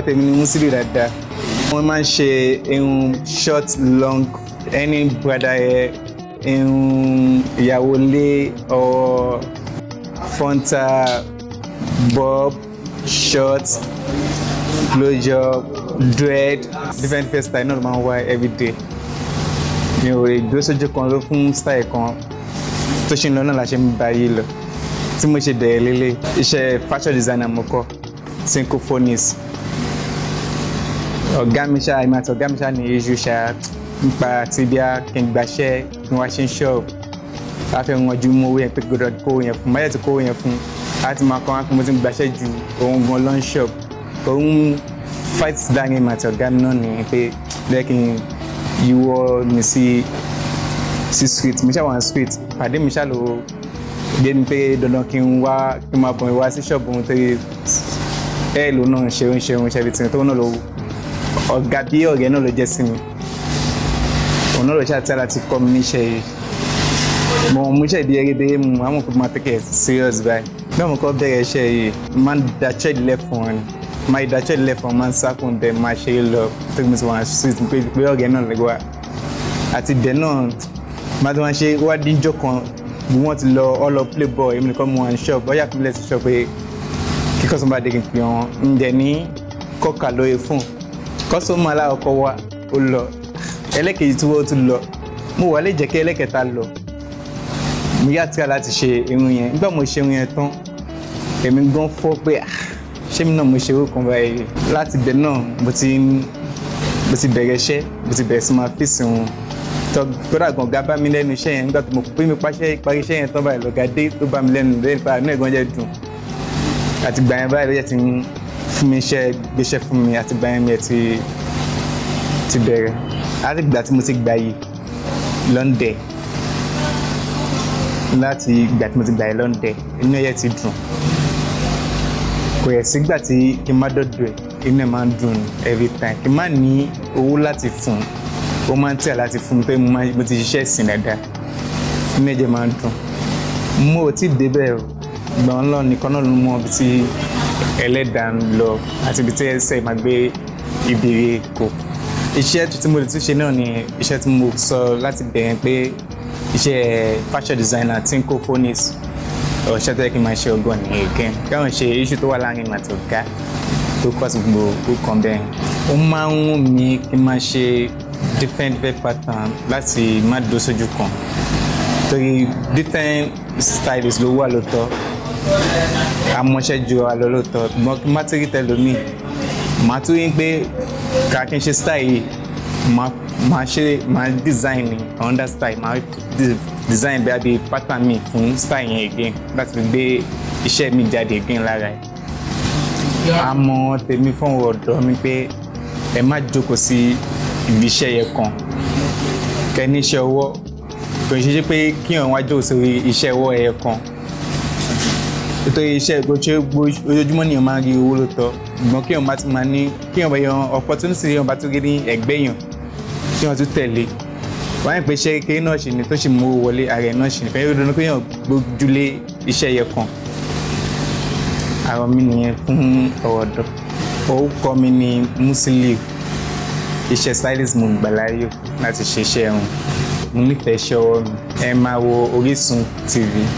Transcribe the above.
orúkọ tèmi ni Musilu Dada mo máa ń ṣe irun short long any brother hair irun ìyàwó lé or frontal bob short blowjob dread different hairstyle náà ló máa ń wá everyday mi ò lè dúró sójú kan ló fún style kan tó ṣe ń lọ náà la ṣe ń bá yìí lọ tí mo ṣe dẹ̀ iṣẹ́ fashion designer mo kọ́ syncophonics ọ̀gá mi ṣá ìmọ̀ àti ọ̀gá mi ṣá ní iṣu ṣá nípa ti bí a kì í gbaṣẹ́ bí wọ́n ṣe ń ṣọ́ọ̀bù láfẹ́ ranjú mú owó yẹn pé gbọdọ̀ kó yẹn fún máyẹ̀ tí kó yẹn fún láti máa kọ́ wọn pé mo ti ń gbaṣẹ́ ju òun gan lọ́n ṣọ́ọ̀bù òun fight dáhùn ìmọ̀ àti ọ̀gá mi náà nìyẹn pé lẹ́kìn yíwọ́ mi sí sí street mi ṣá wà ní street pàdé mi ṣá lò ó gbé mi pé dandan kí n wá kí n máa bọ̀ wá sí ṣọ́ọ̀bù òun tó yẹ ẹ̀ lò ṣeun ṣeun ṣe ibi tí náà lò ọ̀gá bí ọ̀gá náà ló jẹ́ sí mi òun náà ló ṣàtàrà ti kọ́ mi níṣẹ́ yìí mo mú iṣẹ́ ìdí eré dé mu àwọn kò máa tẹ́kẹ̀ serious báyìí bí àwọn kan bẹ̀rẹ̀ iṣẹ́ yìí máa ń dàchẹ́ ìdílé fún wọn ni máa ìdàchẹ́ ìdílé fún wọn máa ń sákùn dẹ̀ máa ṣe é lọ tó gbèsè wọn sweet pé pé ọ̀gá náà lè wá àti dẹ̀ náà máa tí wọ́n ṣe wá díjọ́ kan bí wọ́n ti lọ all up play ball èmi nìkan mú wọn ṣọ́ọ̀bù ọ̀yà fúnlẹ̀ sí ṣọ́ọ̀bù pé kíkọ́ sọ́nbàdé kì wọn ǹjẹ́ ní kọ́kà lóye fún un kọ́sọ́mù aláwọ̀kọ́ wa ó lọ ẹlẹ́kejì tí wọ́n tún lọ mo wà lè jẹ́ kí ẹlẹ́kẹta lọ mo yá tíra láti ṣe irun yẹn nígbà mo ṣe irun yẹn tán èmi gan fọ́ pé ah, ṣé mi náà mo ṣe irú kan báyìí láti bẹ̀ náà mo ti mo ti bẹ̀rẹ̀ iṣẹ́ mo ti bẹ̀rẹ̀ sí máa fèsì wọn tọ gbọ́dọ̀ àgànga bá mi lẹ́nu iṣẹ́ yẹn nígbà tó mo pín mi paṣẹ parí iṣẹ́ yẹn tán báyìí lọ́gàdé tó bá mi lẹ́nu lẹ́nu pa àánú ẹ̀gbọ́n jẹ́ dùn àtìgbà yẹn báyìí lọ́jọ́ ti ń fún mi iṣẹ́ gbéṣẹ́ fún mi àti gbà yẹn mi ẹ̀ ti ti bẹ̀rẹ̀ láti ìgbà tí mo ti gbà yìí lọ́ndẹ̀ láti ìgbà tí mo ti gbà yìí lọ́ndẹ̀ inú ẹ̀yẹ ti dùn kò yẹ sígbà tí kí n má dọ̀dọ̀ ẹ̀ inú ẹ̀ máa ń dùn every time kí n má ní owó láti fún ó máa ń tẹ̀ láti fún mi pé mo ti ṣiṣẹ́ ìsìn ẹ̀dá inú ẹ̀jẹ̀ máa ń dùn mo ò tí ì débẹ̀ o gbọ̀n lọ nìkan náà ló mọ ibi tí ẹlẹ́dàá ń lọ àti ibi tí ẹsẹ̀ máa gbé ìbéèrè kò iṣẹ́ tí mo lè tún ṣe náà ni iṣẹ́ tí mo sọ láti bẹ̀rẹ̀ pé iṣẹ́ fashion designer tinko phoenix ọ̀ṣẹ́ tó yẹ kí n máa ṣe ọgbọ́n ní again káwọn ṣe iṣu tó wà láàrin màtọ̀gá tó kọ́ sí gbogbo kan bẹ́ẹ̀ ó máa ń wù mí kí n máa ṣe different bed pattern láti má dó kan torí different styles ló wà lóòótọ́ amọ̀ṣẹ́ ju wa lọ lóòótọ́ ṣùgbọ́n kí má tìrì tẹlómi màá tún rí pé kà kí n ṣe style yìí màá ṣe màá design under style màá design bí abẹ́ pattern mi fún style yẹn again láti fi gbé iṣẹ́ mi jáde again lára ẹ̀ àmọ́ tèmi fún ọ̀dọ́ mi pé ẹ má jókòó sí ibi iṣẹ́ yẹn kan kẹ́ ní iṣẹ́ ọwọ́ kò ṣe ṣe pé kí òun wá jókòó sí iṣẹ́ ọwọ́ ẹ̀yẹ kan nítorí iṣẹ́ ìgbó tí ojoojúmọ́ nìyẹn máa rí owó lóòótọ́ ṣùgbọ́n kéèyàn bá ti máa ní kéèyàn bá yan opportunity yẹn bá tún rí ní ẹ̀gbẹ́ yàn kí wọ́n tún tẹ̀lé wọ́n á yàn pé iṣẹ́ kékeré náà ṣì ni tó ṣì mú owó wọlé ara ẹ̀ náà ṣì ni fẹ́ẹ́ ronú kéèyàn gbójúlé iṣẹ́ yẹn kan. àrọ mi nìyẹn fún ọ̀rọ̀ ọ̀dọ́ orúkọ mi ni Musiliu iṣẹ́ stylist mo gbà láyò láti ṣe iṣẹ́ wo Orísun TV.